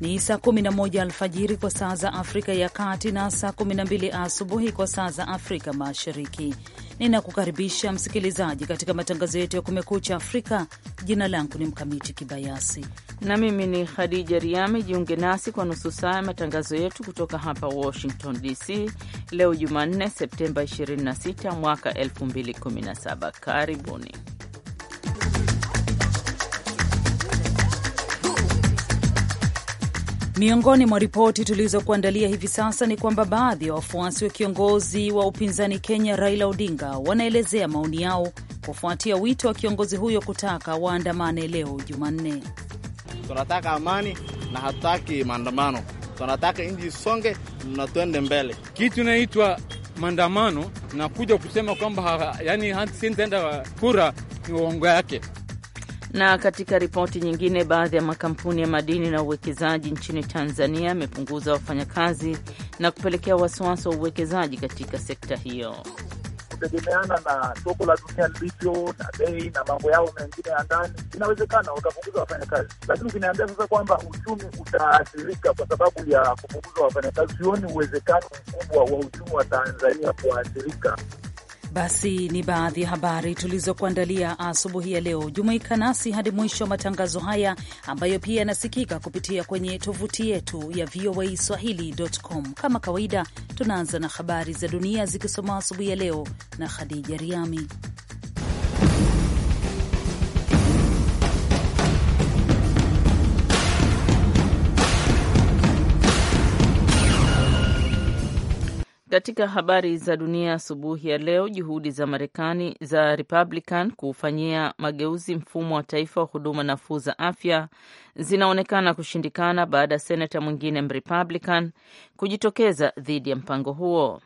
ni saa 11 alfajiri kwa saa za Afrika ya Kati na saa 12 asubuhi kwa saa za Afrika Mashariki. Ninakukaribisha msikilizaji katika matangazo yetu ya Kumekucha Afrika. Jina langu ni Mkamiti Kibayasi na mimi ni Khadija Riami. Jiunge nasi kwa nusu saa ya matangazo yetu kutoka hapa Washington DC leo Jumanne, Septemba 26 mwaka 2017. Karibuni. Miongoni mwa ripoti tulizokuandalia hivi sasa ni kwamba baadhi ya wafuasi wa kiongozi wa upinzani Kenya Raila Odinga wanaelezea maoni yao kufuatia wito wa kiongozi huyo kutaka waandamane leo Jumanne. Tunataka amani na hatutaki maandamano, tunataka nji isonge na tuende mbele. Kitu inaitwa maandamano na kuja kusema kwamba yani hataenda kura ni uongo yake. Na katika ripoti nyingine, baadhi ya makampuni ya madini na uwekezaji nchini Tanzania yamepunguza wafanyakazi na kupelekea wasiwasi wa uwekezaji katika sekta hiyo kutegemeana na soko la dunia lilivyo na bei na mambo yao mengine ya ndani, inawezekana wakapunguza wafanyakazi, lakini ukiniambia sasa kwamba uchumi utaathirika kwa sababu ya kupunguza wafanyakazi, sioni uwezekano mkubwa wa uchumi wa Tanzania kuathirika. Basi ni baadhi ya habari tulizokuandalia asubuhi ya leo. Jumuika nasi hadi mwisho wa matangazo haya ambayo pia yanasikika kupitia kwenye tovuti yetu ya VOA Swahili.com. Kama kawaida, tunaanza na habari za dunia zikisoma asubuhi ya leo na Khadija Riami. Katika habari za dunia asubuhi ya leo, juhudi za Marekani za Republican kuufanyia mageuzi mfumo wa taifa wa huduma nafuu za afya zinaonekana kushindikana baada ya senata mwingine Mrepublican kujitokeza dhidi ya mpango huo.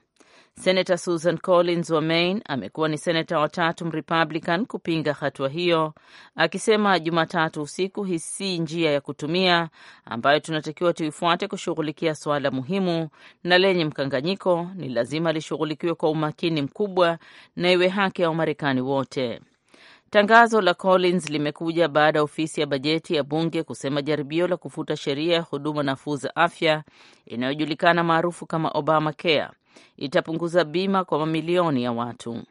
Senata Susan Collins wa Maine amekuwa ni senata watatu Mrepublican kupinga hatua hiyo, akisema Jumatatu usiku, hii si njia ya kutumia ambayo tunatakiwa tuifuate kushughulikia suala muhimu na lenye mkanganyiko. Ni lazima lishughulikiwe kwa umakini mkubwa na iwe haki ya Wamarekani wote. Tangazo la Collins limekuja baada ya ofisi ya bajeti ya bunge kusema jaribio la kufuta sheria ya huduma nafuu za afya inayojulikana maarufu kama Obamacare itapunguza bima kwa mamilioni ya watu.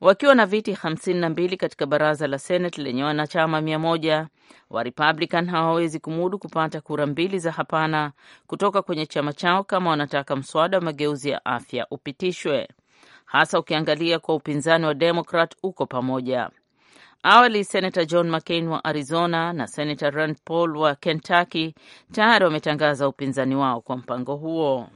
Wakiwa na viti 52 katika baraza la Senate lenye wanachama 100, wa Republican hawawezi kumudu kupata kura mbili za hapana kutoka kwenye chama chao kama wanataka mswada wa mageuzi ya afya upitishwe, hasa ukiangalia kwa upinzani wa Democrat uko pamoja. Awali Senator John McCain wa Arizona na Senator Rand Paul wa Kentucky tayari wametangaza upinzani wao kwa mpango huo.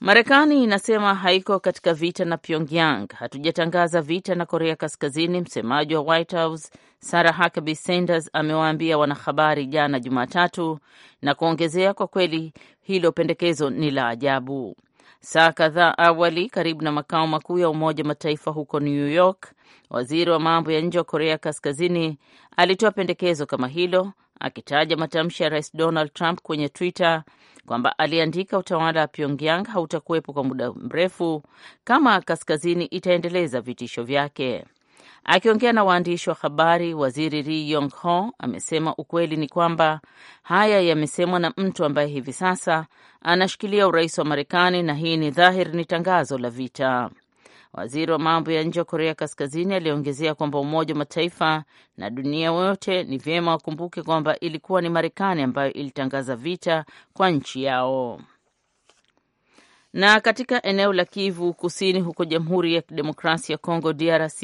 Marekani inasema haiko katika vita na Pyongyang. Hatujatangaza vita na Korea Kaskazini, msemaji wa White House Sarah Huckabee Sanders amewaambia wanahabari jana Jumatatu na kuongezea, kwa kweli hilo pendekezo ni la ajabu. Saa kadhaa awali, karibu na makao makuu ya Umoja Mataifa huko New York, waziri wa mambo ya nje wa Korea Kaskazini alitoa pendekezo kama hilo, akitaja matamshi ya Rais Donald Trump kwenye Twitter kwamba aliandika, utawala wa Pyongyang hautakuwepo kwa muda mrefu kama kaskazini itaendeleza vitisho vyake. Akiongea na waandishi wa habari, waziri Ri Yong Ho amesema ukweli ni kwamba haya yamesemwa na mtu ambaye hivi sasa anashikilia urais wa Marekani, na hii ni dhahir ni tangazo la vita. Waziri wa mambo ya nje wa Korea Kaskazini aliongezea kwamba Umoja wa Mataifa na dunia wote ni vyema wakumbuke kwamba ilikuwa ni Marekani ambayo ilitangaza vita kwa nchi yao. Na katika eneo la Kivu Kusini huko Jamhuri ya Kidemokrasia ya Kongo DRC,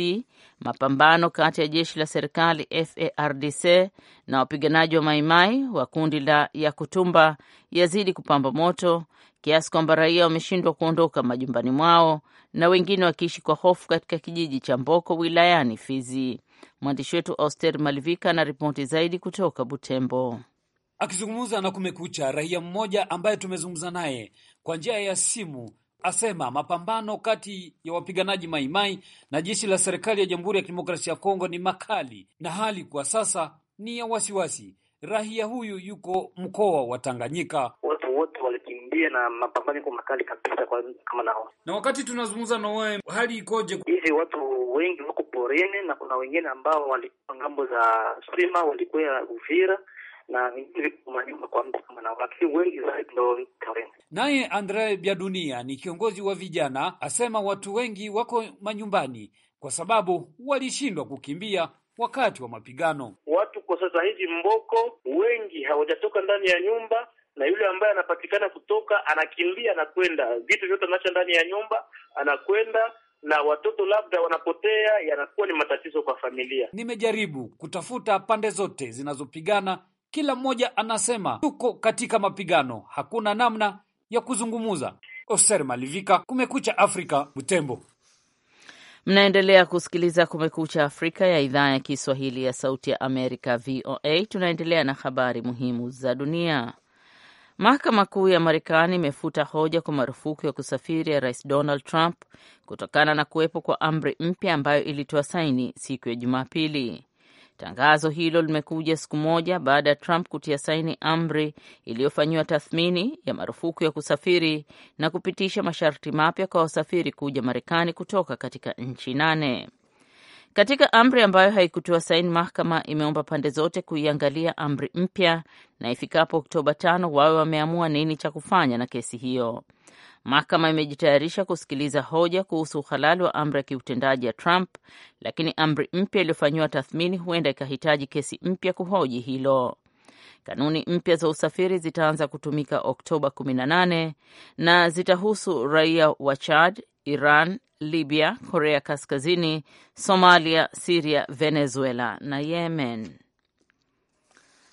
mapambano kati ya jeshi la serikali FARDC na wapiganaji wa Maimai wa kundi la Yakutumba yazidi kupamba moto, kiasi kwamba raia wameshindwa kuondoka majumbani mwao na wengine wakiishi kwa hofu katika kijiji cha Mboko wilayani Fizi. Mwandishi wetu Auster Malivika ana ripoti zaidi kutoka Butembo. Akizungumza na Kumekucha, raia mmoja ambaye tumezungumza naye kwa njia ya simu asema mapambano kati ya wapiganaji Maimai na jeshi la serikali ya Jamhuri ya Kidemokrasia ya Kongo ni makali na hali kwa sasa ni ya wasiwasi. Raia huyu yuko mkoa wa Tanganyika. Watu wote kukimbia na mapambano iko makali kabisa kwa kama nao. Na wakati tunazungumza na wewe, hali ikoje hivi? Watu wengi wako porini na kuna wengine ambao walikuwa ngambo za Sima, walikuwa Uvira na manyumba kwa mtu kama nao, lakini wengi zaidi ndio porini. Naye Andre Byadunia ni kiongozi wa vijana, asema watu wengi wako manyumbani kwa sababu walishindwa kukimbia wakati wa mapigano. Watu kwa sasa hivi Mboko wengi hawajatoka ndani ya nyumba na yule ambaye anapatikana kutoka anakimbia, anakwenda, vitu vyote anacho ndani ya nyumba, anakwenda na watoto labda wanapotea, yanakuwa ni matatizo kwa familia. Nimejaribu kutafuta pande zote zinazopigana, kila mmoja anasema tuko katika mapigano, hakuna namna ya kuzungumuza. Oser Malivika, Kumekucha Afrika, Butembo. Mnaendelea kusikiliza Kumekucha Afrika ya idhaa ya Kiswahili ya Sauti ya Amerika, VOA. Tunaendelea na habari muhimu za dunia. Mahakama Kuu ya Marekani imefuta hoja kwa marufuku ya kusafiri ya Rais Donald Trump kutokana na kuwepo kwa amri mpya ambayo ilitoa saini siku ya Jumapili. Tangazo hilo limekuja siku moja baada ya Trump kutia saini amri iliyofanyiwa tathmini ya marufuku ya kusafiri na kupitisha masharti mapya kwa wasafiri kuja Marekani kutoka katika nchi nane. Katika amri ambayo haikutoa saini, mahakama imeomba pande zote kuiangalia amri mpya na ifikapo Oktoba tano wawe wameamua nini cha kufanya na kesi hiyo. Mahakama imejitayarisha kusikiliza hoja kuhusu uhalali wa amri ya kiutendaji ya Trump, lakini amri mpya iliyofanyiwa tathmini huenda ikahitaji kesi mpya kuhoji hilo. Kanuni mpya za usafiri zitaanza kutumika Oktoba 18 na zitahusu raia wa Chad, Iran, Libya, Korea Kaskazini, Somalia, Siria, Venezuela na Yemen.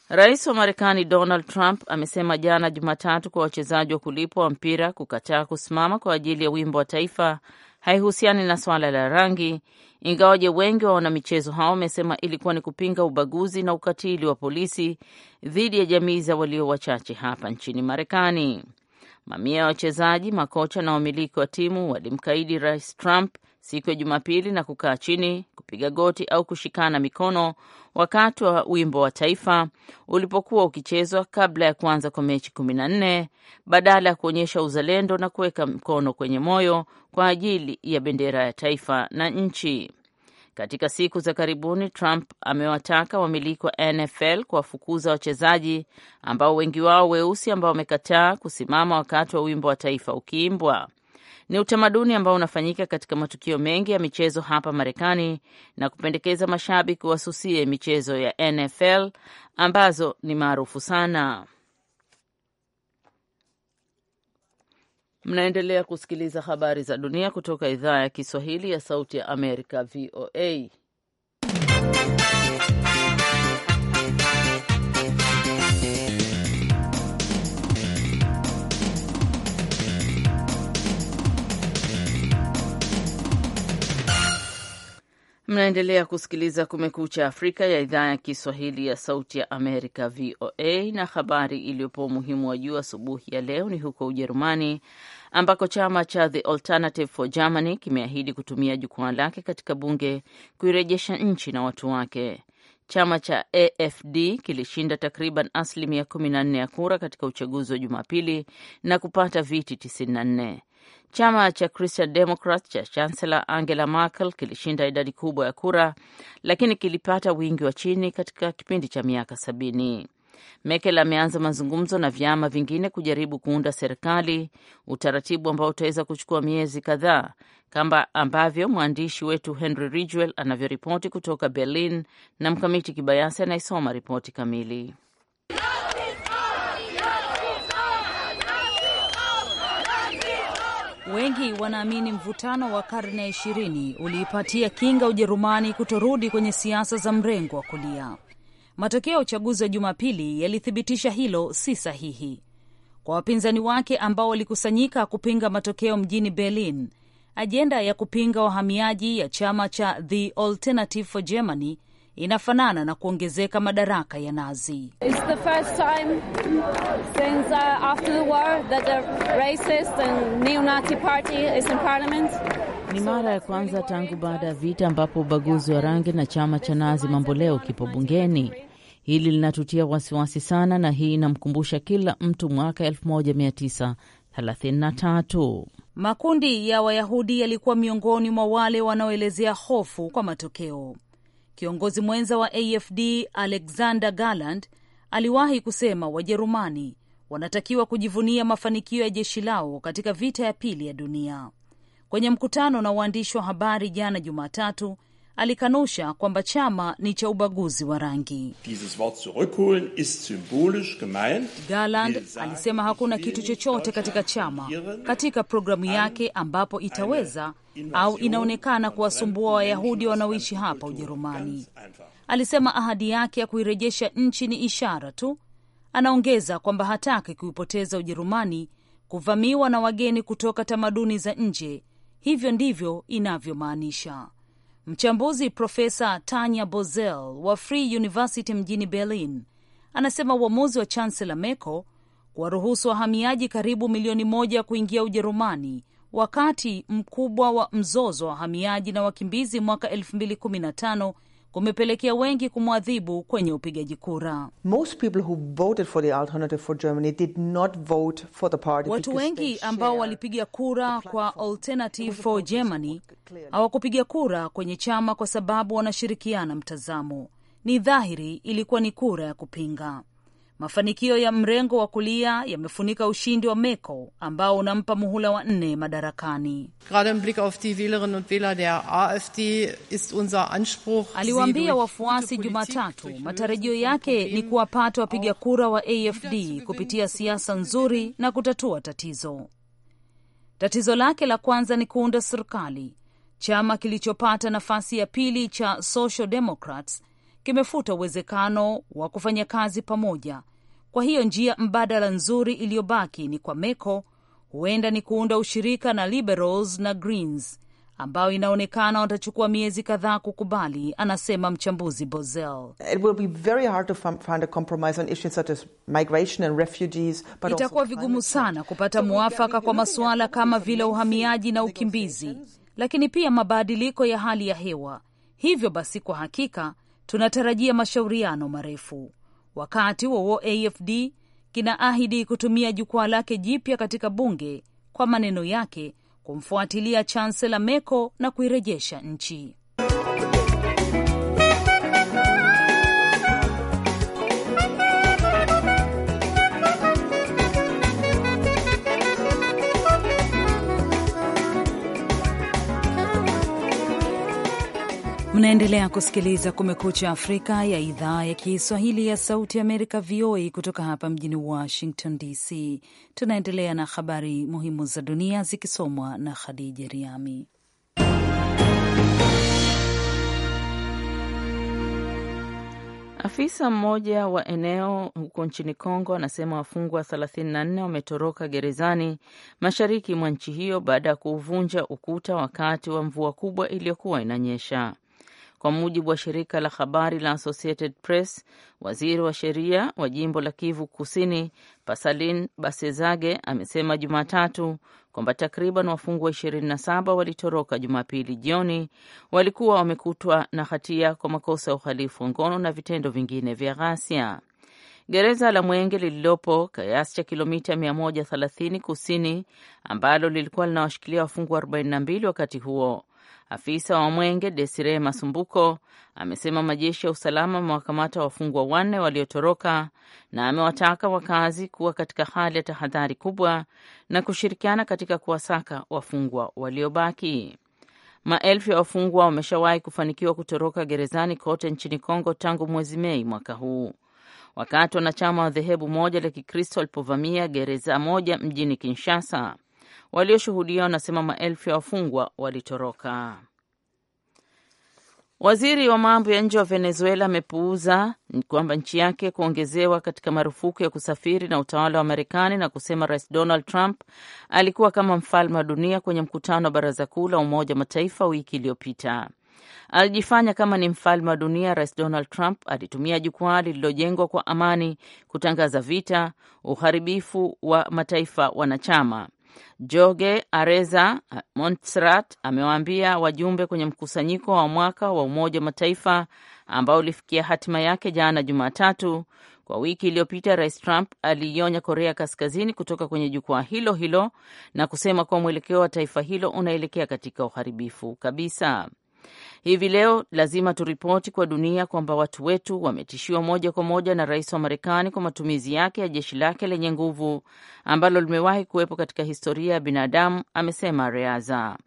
Rais wa Marekani Donald Trump amesema jana Jumatatu kwa wachezaji wa kulipwa wa mpira kukataa kusimama kwa ajili ya wimbo wa taifa haihusiani na swala la rangi, ingawaje wengi wa wanamichezo hao wamesema ilikuwa ni kupinga ubaguzi na ukatili wa polisi dhidi ya jamii za walio wachache hapa nchini Marekani. Mamia ya wachezaji, makocha na wamiliki wa timu walimkaidi Rais Trump siku ya Jumapili na kukaa chini, kupiga goti au kushikana mikono wakati wa wimbo wa taifa ulipokuwa ukichezwa kabla ya kuanza kwa mechi kumi na nne badala ya kuonyesha uzalendo na kuweka mkono kwenye moyo kwa ajili ya bendera ya taifa na nchi. Katika siku za karibuni, Trump amewataka wamiliki wa NFL kuwafukuza wachezaji ambao wengi wao weusi ambao wamekataa kusimama wakati wa wimbo wa taifa ukiimbwa. Ni utamaduni ambao unafanyika katika matukio mengi ya michezo hapa Marekani na kupendekeza mashabiki wasusie michezo ya NFL ambazo ni maarufu sana. Mnaendelea kusikiliza habari za dunia kutoka idhaa ya Kiswahili ya Sauti ya Amerika, VOA. Mnaendelea kusikiliza Kumekucha Afrika ya idhaa ya Kiswahili ya Sauti ya Amerika, VOA. Na habari iliyopewa umuhimu wa juu asubuhi ya leo ni huko Ujerumani, ambako chama cha The Alternative for Germany kimeahidi kutumia jukwaa lake katika bunge kuirejesha nchi na watu wake. Chama cha AfD kilishinda takriban asilimia 14 ya kura katika uchaguzi wa Jumapili na kupata viti 94. Chama cha Christian Democrat cha Chancellor Angela Merkel kilishinda idadi kubwa ya kura, lakini kilipata wingi wa chini katika kipindi cha miaka sabini. Merkel ameanza mazungumzo na vyama vingine kujaribu kuunda serikali, utaratibu ambao utaweza kuchukua miezi kadhaa, kama ambavyo mwandishi wetu Henry Ridgwell anavyoripoti kutoka Berlin na Mkamiti Kibayasi anayesoma ripoti kamili. Wengi wanaamini mvutano wa karne ya ishirini uliipatia kinga Ujerumani kutorudi kwenye siasa za mrengo wa kulia. Matokeo ya uchaguzi wa Jumapili yalithibitisha hilo si sahihi. Kwa wapinzani wake ambao walikusanyika kupinga matokeo mjini Berlin, ajenda ya kupinga wahamiaji ya chama cha The Alternative for Germany inafanana na kuongezeka madaraka ya Nazi. Uh, Ni mara ya kwanza tangu baada ya vita ambapo ubaguzi wa rangi na chama cha Nazi mambo leo kipo bungeni. Hili linatutia wasiwasi sana, na hii inamkumbusha kila mtu mwaka 1933 makundi ya Wayahudi yalikuwa miongoni mwa wale wanaoelezea hofu kwa matokeo. Kiongozi mwenza wa AfD Alexander Galland aliwahi kusema Wajerumani wanatakiwa kujivunia mafanikio ya jeshi lao katika vita ya pili ya dunia. Kwenye mkutano na waandishi wa habari jana Jumatatu, alikanusha kwamba chama ni cha ubaguzi wa rangi. Garland alisema hakuna kitu chochote katika chama, katika programu yake ambapo itaweza au inaonekana kuwasumbua Wayahudi wanaoishi hapa Ujerumani. Alisema ahadi yake ya kuirejesha nchi ni ishara tu. Anaongeza kwamba hataki kuipoteza Ujerumani kuvamiwa na wageni kutoka tamaduni za nje. Hivyo ndivyo inavyomaanisha. Mchambuzi Profesa Tanya Bozel wa Free University mjini Berlin anasema uamuzi wa Chancellor Merkel kuwaruhusu wahamiaji karibu milioni moja kuingia Ujerumani wakati mkubwa wa mzozo wa wahamiaji na wakimbizi mwaka 2015 kumepelekea wengi kumwadhibu kwenye upigaji kura. Watu wengi ambao walipiga kura kwa Alternative for Germany hawakupiga kura kwenye chama kwa sababu wanashirikiana mtazamo. Ni dhahiri ilikuwa ni kura ya kupinga. Mafanikio ya mrengo wa kulia yamefunika ushindi wa Meko ambao unampa muhula wa nne madarakani. Aliwaambia wafuasi Jumatatu matarajio yake ni kuwapata wapiga kura wa AfD kupitia siasa nzuri na kutatua tatizo. Tatizo lake la kwanza ni kuunda serikali. Chama kilichopata nafasi ya pili cha Social Democrats kimefuta uwezekano wa kufanya kazi pamoja kwa hiyo njia mbadala nzuri iliyobaki ni kwa Meko huenda ni kuunda ushirika na Liberals na Greens ambayo inaonekana watachukua miezi kadhaa kukubali, anasema mchambuzi Bozell. Itakuwa vigumu sana kupata mwafaka kwa masuala kama vile uhamiaji na ukimbizi, lakini pia mabadiliko ya hali ya hewa. Hivyo basi, kwa hakika tunatarajia mashauriano marefu. Wakati huo AFD kinaahidi kutumia jukwaa lake jipya katika bunge, kwa maneno yake, kumfuatilia Chancellor Merkel na kuirejesha nchi Unaendelea kusikiliza Kumekucha Afrika ya idhaa ya Kiswahili ya Sauti Amerika, VOA, kutoka hapa mjini Washington DC. Tunaendelea na habari muhimu za dunia zikisomwa na Khadija Riami. Afisa mmoja wa eneo huko nchini Kongo anasema wafungwa 34 wametoroka gerezani mashariki mwa nchi hiyo baada ya kuuvunja ukuta wakati wa mvua kubwa iliyokuwa inanyesha. Kwa mujibu wa shirika la habari la Associated Press, waziri wa sheria wa jimbo la Kivu Kusini Pasalin Basezage amesema Jumatatu kwamba takriban wafungwa 27 walitoroka Jumapili jioni, walikuwa wamekutwa na hatia kwa makosa ya uhalifu wa ngono na vitendo vingine vya ghasia. Gereza la Mwenge lililopo kiasi cha kilomita 130 kusini ambalo lilikuwa linawashikilia wafungwa 42 wakati huo Afisa wa Mwenge Desire Masumbuko amesema majeshi ya usalama amewakamata wafungwa wanne waliotoroka na amewataka wakazi kuwa katika hali ya tahadhari kubwa na kushirikiana katika kuwasaka wafungwa waliobaki. Maelfu ya wafungwa wameshawahi kufanikiwa kutoroka gerezani kote nchini Kongo tangu mwezi Mei mwaka huu, wakati wanachama wa dhehebu moja la Kikristo walipovamia gereza moja mjini Kinshasa Walioshuhudia wanasema maelfu ya wafungwa walitoroka. Waziri wa mambo ya nje wa Venezuela amepuuza kwamba nchi yake kuongezewa katika marufuku ya kusafiri na utawala wa Marekani na kusema Rais Donald Trump alikuwa kama mfalme wa dunia kwenye mkutano wa Baraza Kuu la Umoja wa Mataifa wiki iliyopita. Alijifanya kama ni mfalme wa dunia. Rais Donald Trump alitumia jukwaa lililojengwa kwa amani kutangaza vita, uharibifu wa mataifa wanachama, Jorge Areza Montserrat amewaambia wajumbe kwenye mkusanyiko wa mwaka wa Umoja wa Mataifa ambao ulifikia hatima yake jana Jumatatu. Kwa wiki iliyopita, Rais Trump aliionya Korea Kaskazini kutoka kwenye jukwaa hilo hilo na kusema kuwa mwelekeo wa taifa hilo unaelekea katika uharibifu kabisa. Hivi leo lazima turipoti kwa dunia kwamba watu wetu wametishiwa moja kwa moja na rais wa Marekani kwa matumizi yake ya jeshi lake lenye nguvu ambalo limewahi kuwepo katika historia ya binadamu, amesema Reaza.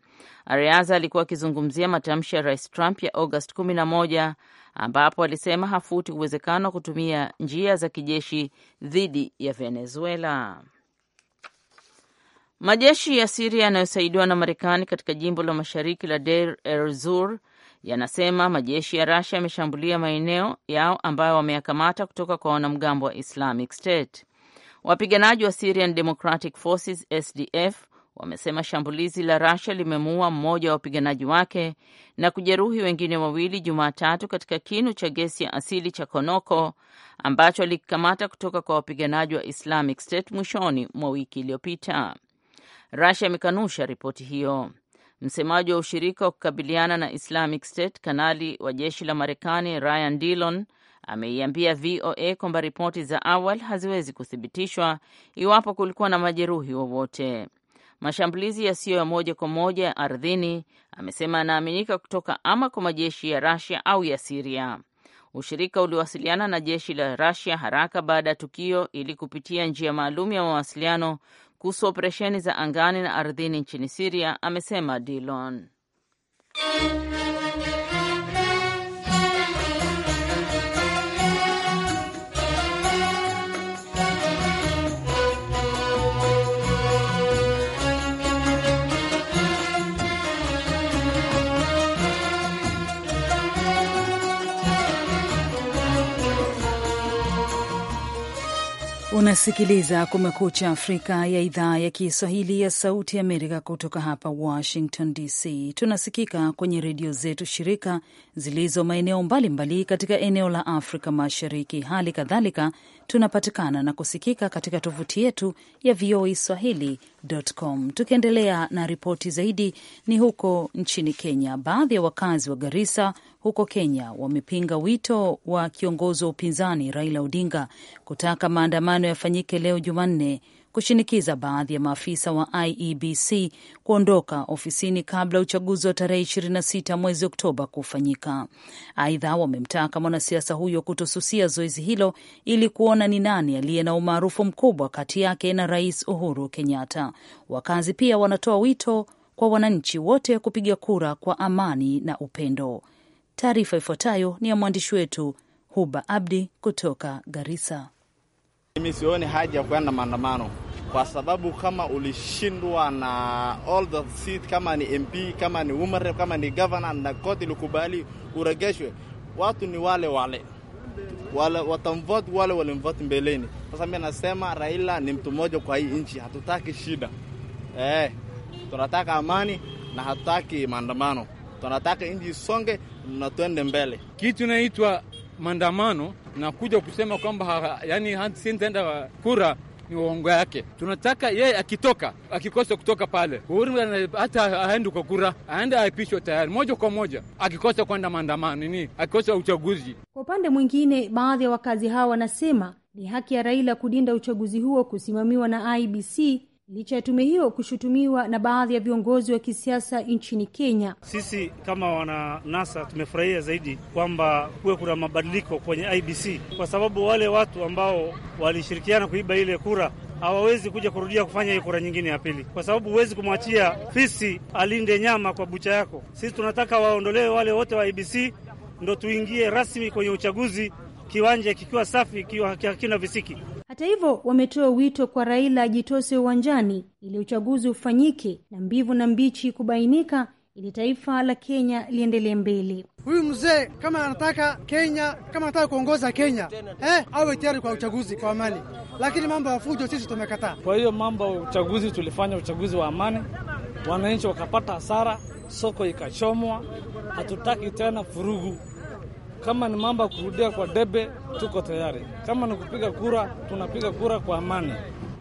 Areaza alikuwa akizungumzia matamshi ya rais Trump ya August 11 ambapo alisema hafuti uwezekano wa kutumia njia za kijeshi dhidi ya Venezuela. Majeshi ya Siria yanayosaidiwa na Marekani katika jimbo la mashariki la Deir ez zur yanasema majeshi ya Rasia yameshambulia maeneo yao ambayo wameyakamata kutoka kwa wanamgambo wa Islamic State. Wapiganaji wa Syrian Democratic Forces SDF wamesema shambulizi la rasia limemuua mmoja wa wapiganaji wake na kujeruhi wengine wawili Jumatatu katika kinu cha gesi ya asili cha Konoko ambacho alikikamata kutoka kwa wapiganaji wa Islamic State mwishoni mwa wiki iliyopita. Russia imekanusha ripoti hiyo. Msemaji wa ushirika wa kukabiliana na Islamic State, kanali wa jeshi la Marekani Ryan Dillon ameiambia VOA kwamba ripoti za awali haziwezi kuthibitishwa iwapo kulikuwa na majeruhi wowote. Mashambulizi yasiyo ya moja kwa moja ya ardhini, amesema yanaaminika kutoka ama kwa majeshi ya Russia au ya Siria. Ushirika uliwasiliana na jeshi la Russia haraka baada ya tukio ili kupitia njia maalum ya mawasiliano kuhusu operesheni za angani na ardhini nchini Siria, amesema Dilon. Unasikiliza Kumekucha Afrika ya idhaa ya Kiswahili ya Sauti Amerika kutoka hapa Washington DC. Tunasikika kwenye redio zetu shirika zilizo maeneo mbalimbali katika eneo la Afrika Mashariki. Hali kadhalika tunapatikana na kusikika katika tovuti yetu ya VOA Swahili com. Tukiendelea na ripoti zaidi, ni huko nchini Kenya. Baadhi ya wakazi wa Garissa huko Kenya wamepinga wito wa kiongozi wa upinzani Raila Odinga kutaka maandamano yafanyike leo Jumanne kushinikiza baadhi ya maafisa wa IEBC kuondoka ofisini kabla uchaguzi wa tarehe 26 mwezi Oktoba kufanyika. Aidha, wamemtaka mwanasiasa huyo kutosusia zoezi hilo ili kuona ni nani aliye na umaarufu mkubwa kati yake na Rais Uhuru Kenyatta. Wakazi pia wanatoa wito kwa wananchi wote kupiga kura kwa amani na upendo. Taarifa ifuatayo ni ya mwandishi wetu Huba Abdi kutoka Garissa. Mimi sioni haja ya kuenda maandamano kwa sababu kama ulishindwa na all the seat, kama ni MP, kama ni umare, kama ni governor, na koti likubali uregeshwe, watu ni wale wale wale watamvote wale walimvoti mbeleni. Sasa mimi nasema Raila ni mtu mmoja kwa hii nchi, hatutaki shida eh, tunataka amani na hatutaki maandamano, tunataka nchi isonge na tuende mbele. Kitu inaitwa maandamano na kuja kusema kwamba yani sintaenda kura ni uongo yake. Tunataka yeye akitoka, akikosa kutoka pale uhuru, hata aende kwa kura, aende aapishwe tayari moja kwa moja, akikosa kwenda maandamano nini, akikosa uchaguzi. Kwa upande mwingine, baadhi ya wakazi hawa wanasema ni haki ya Raila kudinda uchaguzi huo kusimamiwa na IBC licha ya tume hiyo kushutumiwa na baadhi ya viongozi wa kisiasa nchini Kenya. Sisi kama wana NASA tumefurahia zaidi kwamba kuwe kuna mabadiliko kwenye IBC kwa sababu wale watu ambao walishirikiana kuiba ile kura hawawezi kuja kurudia kufanya hiyo kura nyingine ya pili, kwa sababu huwezi kumwachia fisi alinde nyama kwa bucha yako. Sisi tunataka waondolewe wale wote wa IBC, ndo tuingie rasmi kwenye uchaguzi kiwanja kikiwa safi, kikiwa hakina visiki. Hata hivyo wametoa wito kwa Raila ajitose uwanjani ili uchaguzi ufanyike na mbivu na mbichi kubainika ili taifa la Kenya liendelee mbele. Huyu mzee kama anataka Kenya, kama anataka kuongoza Kenya eh, awe tayari kwa uchaguzi kwa amani, lakini mambo ya fujo sisi tumekataa. Kwa hiyo mambo ya uchaguzi, tulifanya uchaguzi wa amani, wananchi wakapata hasara, soko ikachomwa. Hatutaki tena furugu kama ni mambo ya kurudia kwa debe, tuko tayari. Kama ni kupiga kura, tunapiga kura kwa amani.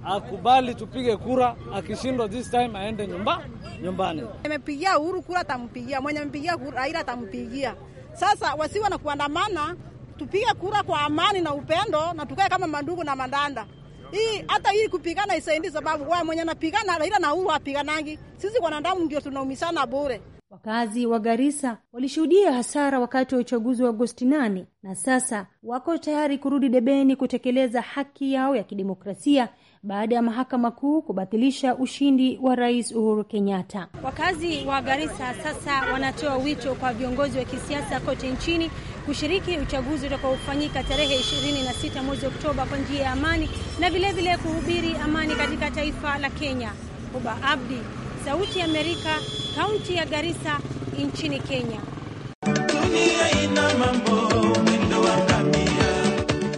Akubali tupige kura, akishindwa this time aende nyumba nyumbani. Amepigia Uhuru kura, atampigia mwenye mpigia Raila, atampigia. Sasa wasiwe na kuandamana, tupige kura kwa amani na upendo, na tukae kama mandugu na mandanda. Hii hata hii kupigana isaidi, sababu wewe mwenye napigana Raila na Uhuru apiganangi. Sisi wanadamu ndio tunaumisana bure. Wakazi wa Garissa walishuhudia hasara wakati wa uchaguzi wa Agosti 8 na sasa wako tayari kurudi debeni kutekeleza haki yao ya kidemokrasia baada ya mahakama kuu kubatilisha ushindi wa Rais Uhuru Kenyatta. Wakazi wa Garissa sasa wanatoa wito kwa viongozi wa kisiasa kote nchini kushiriki uchaguzi utakaofanyika tarehe 26 mwezi Oktoba kwa njia ya amani na vilevile kuhubiri amani katika taifa la Kenya. Uba Abdi, Sauti ya Amerika, kaunti ya Garissa nchini Kenya.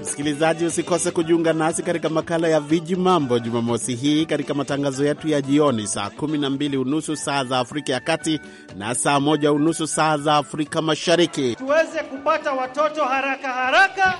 Msikilizaji, usikose kujiunga nasi katika makala ya Viji Mambo Jumamosi hii katika matangazo yetu ya jioni saa mbili unusu saa za Afrika ya Kati na saa moja unusu saa za Afrika Mashariki, tuweze kupata watoto haraka haraka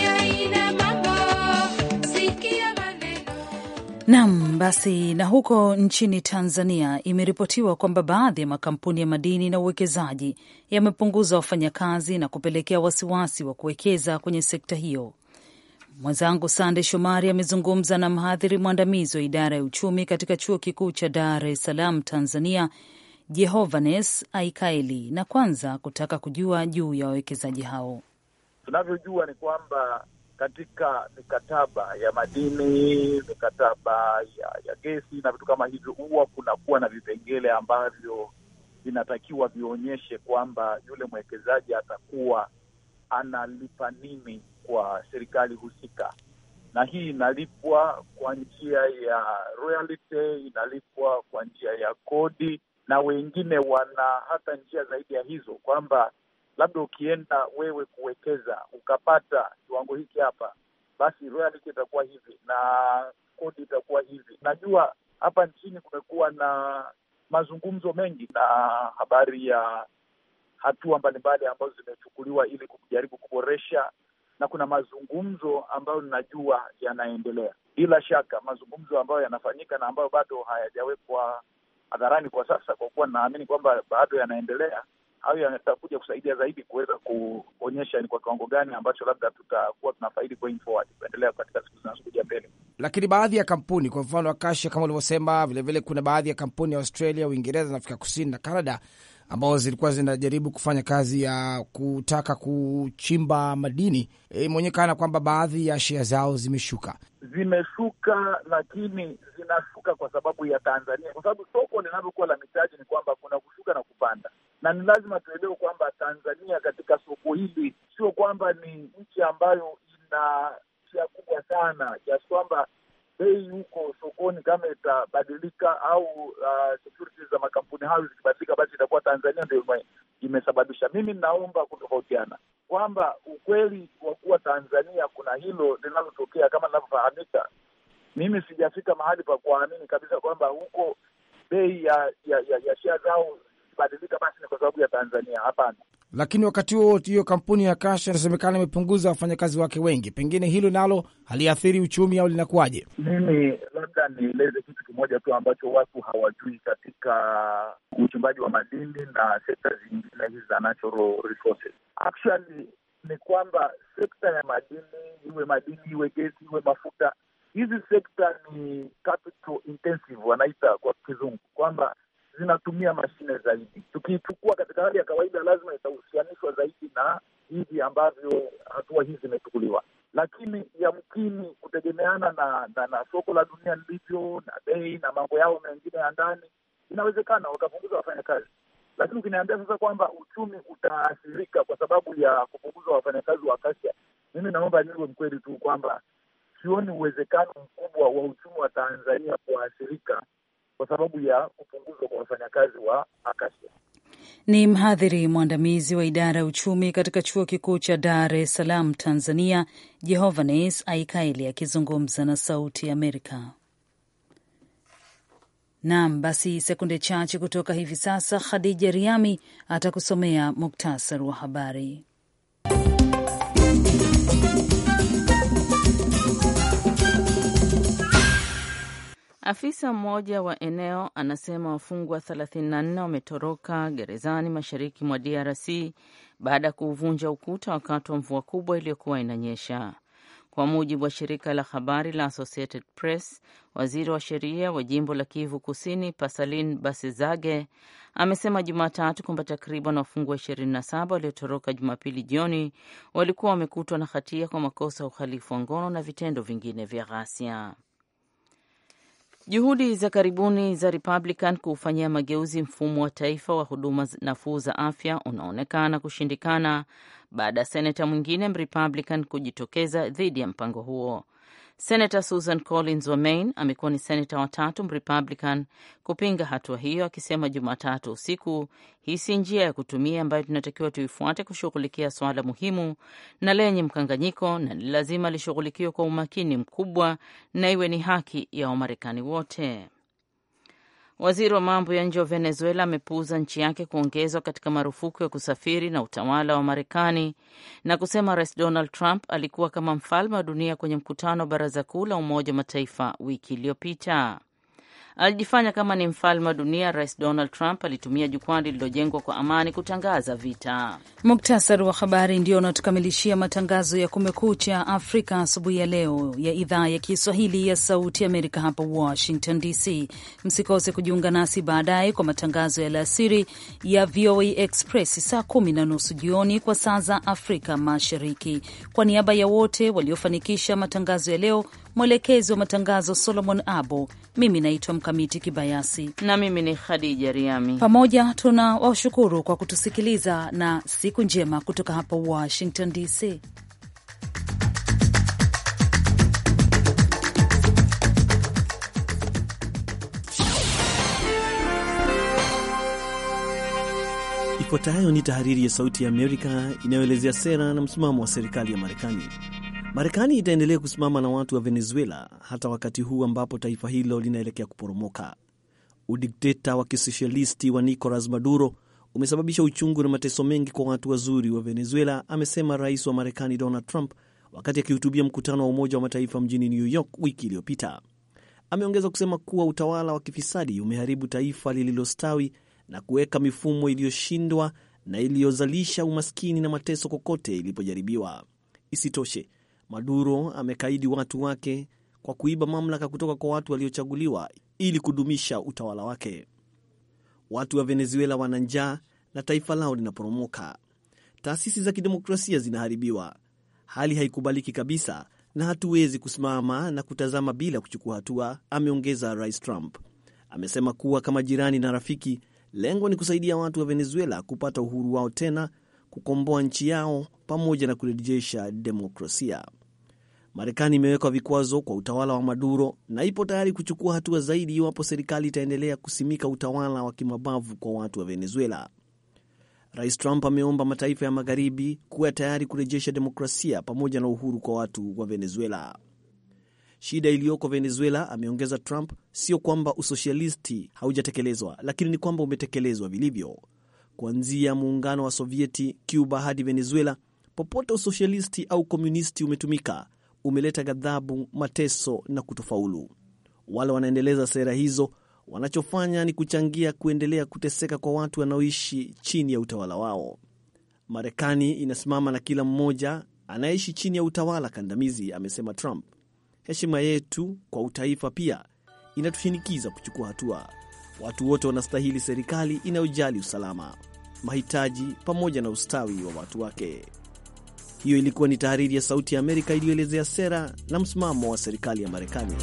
Nam basi, na huko nchini Tanzania imeripotiwa kwamba baadhi ya makampuni ya madini na uwekezaji yamepunguza wafanyakazi na kupelekea wasiwasi wa kuwekeza kwenye sekta hiyo. Mwenzangu Sande Shomari amezungumza na mhadhiri mwandamizi wa idara ya uchumi katika chuo kikuu cha Dar es Salaam, Tanzania, Jehovanes Aikaeli, na kwanza kutaka kujua juu ya wawekezaji hao. Tunavyojua ni kwamba katika mikataba ya madini, mikataba ya, ya gesi na vitu kama hivyo, huwa kunakuwa na vipengele ambavyo vinatakiwa vionyeshe kwamba yule mwekezaji atakuwa analipa nini kwa serikali husika, na hii inalipwa kwa njia ya royalty, inalipwa kwa njia ya kodi, na wengine wana hata njia zaidi ya hizo kwamba labda ukienda wewe kuwekeza ukapata kiwango hiki hapa, basi royalty itakuwa hivi na kodi itakuwa hivi. Najua hapa nchini kumekuwa na mazungumzo mengi na habari ya hatua mbalimbali ambazo zimechukuliwa ili kujaribu kuboresha, na kuna mazungumzo ambayo ninajua yanaendelea, bila shaka mazungumzo ambayo yanafanyika na ambayo bado hayajawekwa hadharani kwa sasa, kwa kuwa naamini kwamba bado yanaendelea au yatakuja kusaidia zaidi kuweza kuonyesha ni kwa kiwango gani ambacho labda tutakuwa tunafaidi going forward, kuendelea katika siku zinazokuja mbele. Lakini baadhi ya kampuni kwa mfano Akasha kama ulivyosema, vilevile kuna baadhi ya kampuni ya Australia, Uingereza na Afrika Kusini na Canada ambao zilikuwa zinajaribu kufanya kazi ya kutaka kuchimba madini. E, imeonekana kwamba baadhi ya shea zao zimeshuka, zimeshuka, lakini zinashuka kwa sababu ya Tanzania, kwa sababu soko linavyokuwa la mitaji ni kwamba kuna kushuka na kupanda na ni lazima tuelewe kwamba Tanzania katika soko hili sio kwamba ni nchi ambayo ina njia kubwa sana kiasi kwamba bei huko sokoni kama itabadilika au uh, securities za makampuni hayo zikibadilika, basi itakuwa Tanzania ndio imesababisha. Mimi ninaomba kutofautiana kwamba ukweli wa kuwa Tanzania kuna hilo linalotokea kama linavyofahamika. Mimi sijafika mahali pa kuamini kabisa kwamba huko bei ya ya, ya, ya shia zao kubadilika basi ni kwa sababu ya Tanzania. Hapana. Lakini wakati huo hiyo kampuni ya Kasha inasemekana imepunguza wafanyakazi wake wengi, pengine hilo nalo haliathiri uchumi au linakuwaje? Mimi labda nieleze kitu kimoja tu ambacho watu hawajui katika uchimbaji wa madini na sekta zingine hizi za natural resources. Actually ni kwamba sekta ya madini, iwe madini, iwe gesi, iwe mafuta, hizi sekta ni capital intensive wanaita kwa kizungu, kwamba zinatumia mashine zaidi. Tukiichukua katika hali ya kawaida, lazima itahusianishwa zaidi na hivi ambavyo hatua hii zimechukuliwa, lakini yamkini kutegemeana na, na, na soko la dunia lilivyo na bei na mambo yao mengine ya ndani, inawezekana wakapunguza wafanyakazi lakini ukiniambia sasa kwamba uchumi utaathirika kwa sababu ya kupunguza wafanyakazi wa kasia, mimi naomba niwe mkweli tu kwamba sioni uwezekano mkubwa wa uchumi wa Tanzania kuathirika kwa sababu ya kupunguzwa kwa wafanyakazi wa Acacia. Ni mhadhiri mwandamizi wa idara ya uchumi katika chuo kikuu cha Dar es Salaam, Tanzania, Jehovanes Aikaeli akizungumza na Sauti Amerika. Naam, basi sekunde chache kutoka hivi sasa, Khadija Riami atakusomea muktasari wa habari. Afisa mmoja wa eneo anasema wafungwa 34 wametoroka gerezani mashariki mwa DRC baada ya kuuvunja ukuta wakati wa mvua kubwa iliyokuwa inanyesha. Kwa mujibu wa shirika la habari la Associated Press, waziri wa sheria wa jimbo la Kivu Kusini, Pasalin Basizage, amesema Jumatatu kwamba takriban wafungwa 27 waliotoroka Jumapili jioni walikuwa wamekutwa na hatia kwa makosa ya uhalifu wa ngono na vitendo vingine vya ghasia. Juhudi za karibuni za Republican kuufanyia mageuzi mfumo wa taifa wa huduma nafuu za afya unaonekana kushindikana baada ya seneta mwingine Mrepublican kujitokeza dhidi ya mpango huo. Senata Susan Collins wa Maine amekuwa ni senata watatu Mrepublican kupinga hatua hiyo, akisema Jumatatu usiku, hii si njia ya kutumia ambayo tunatakiwa tuifuate kushughulikia swala muhimu na lenye mkanganyiko, na ni lazima lishughulikiwe kwa umakini mkubwa na iwe ni haki ya Wamarekani wote. Waziri wa mambo ya nje wa Venezuela amepuuza nchi yake kuongezwa katika marufuku ya kusafiri na utawala wa Marekani na kusema Rais Donald Trump alikuwa kama mfalme wa dunia kwenye mkutano wa Baraza Kuu la Umoja wa Mataifa wiki iliyopita alijifanya kama ni mfalme wa dunia. Rais Donald Trump alitumia jukwaa lililojengwa kwa amani kutangaza vita. Muktasari wa habari ndio unatukamilishia matangazo ya Kumekucha Afrika asubuhi ya leo ya idhaa ya Kiswahili ya Sauti Amerika, hapa Washington DC. Msikose kujiunga nasi baadaye kwa matangazo ya alasiri ya VOA Express saa kumi na nusu jioni kwa saa za Afrika Mashariki. Kwa niaba ya wote waliofanikisha matangazo ya leo Mwelekezi wa matangazo Solomon Abo. Mimi naitwa Mkamiti Kibayasi na mimi ni Khadija Riami. Pamoja tuna washukuru kwa kutusikiliza na siku njema kutoka hapa Washington DC. Ifuatayo ni tahariri ya Sauti ya Amerika inayoelezea sera na msimamo wa serikali ya Marekani. Marekani itaendelea kusimama na watu wa Venezuela hata wakati huu ambapo taifa hilo linaelekea kuporomoka. Udikteta wa kisosialisti wa Nicolas Maduro umesababisha uchungu na mateso mengi kwa watu wazuri wa Venezuela, amesema rais wa Marekani Donald Trump wakati akihutubia mkutano wa Umoja wa Mataifa mjini New York wiki iliyopita. Ameongeza kusema kuwa utawala wa kifisadi umeharibu taifa lililostawi na kuweka mifumo iliyoshindwa na iliyozalisha umaskini na mateso kokote ilipojaribiwa. Isitoshe, Maduro amekaidi watu wake kwa kuiba mamlaka kutoka kwa watu waliochaguliwa ili kudumisha utawala wake. Watu wa Venezuela wana njaa na taifa lao linaporomoka, taasisi za kidemokrasia zinaharibiwa. Hali haikubaliki kabisa na hatuwezi kusimama na kutazama bila kuchukua hatua, ameongeza Rais Trump. Amesema kuwa kama jirani na rafiki, lengo ni kusaidia watu wa Venezuela kupata uhuru wao tena, kukomboa nchi yao pamoja na kurejesha demokrasia. Marekani imewekwa vikwazo kwa utawala wa Maduro na ipo tayari kuchukua hatua zaidi iwapo serikali itaendelea kusimika utawala wa kimabavu kwa watu wa Venezuela. Rais Trump ameomba mataifa ya magharibi kuwa tayari kurejesha demokrasia pamoja na uhuru kwa watu wa Venezuela. Shida iliyoko Venezuela, ameongeza Trump, sio kwamba usosialisti haujatekelezwa, lakini ni kwamba umetekelezwa vilivyo. Kuanzia muungano wa Sovieti, Cuba hadi Venezuela, popote usosialisti au komunisti umetumika, umeleta ghadhabu, mateso na kutofaulu. Wale wanaendeleza sera hizo wanachofanya ni kuchangia kuendelea kuteseka kwa watu wanaoishi chini ya utawala wao. Marekani inasimama na kila mmoja anayeishi chini ya utawala kandamizi, amesema Trump. Heshima yetu kwa utaifa pia inatushinikiza kuchukua hatua. Watu wote wanastahili serikali inayojali usalama, mahitaji pamoja na ustawi wa watu wake. Hiyo ilikuwa ni tahariri ya Sauti ya Amerika iliyoelezea sera na msimamo wa serikali ya Marekani.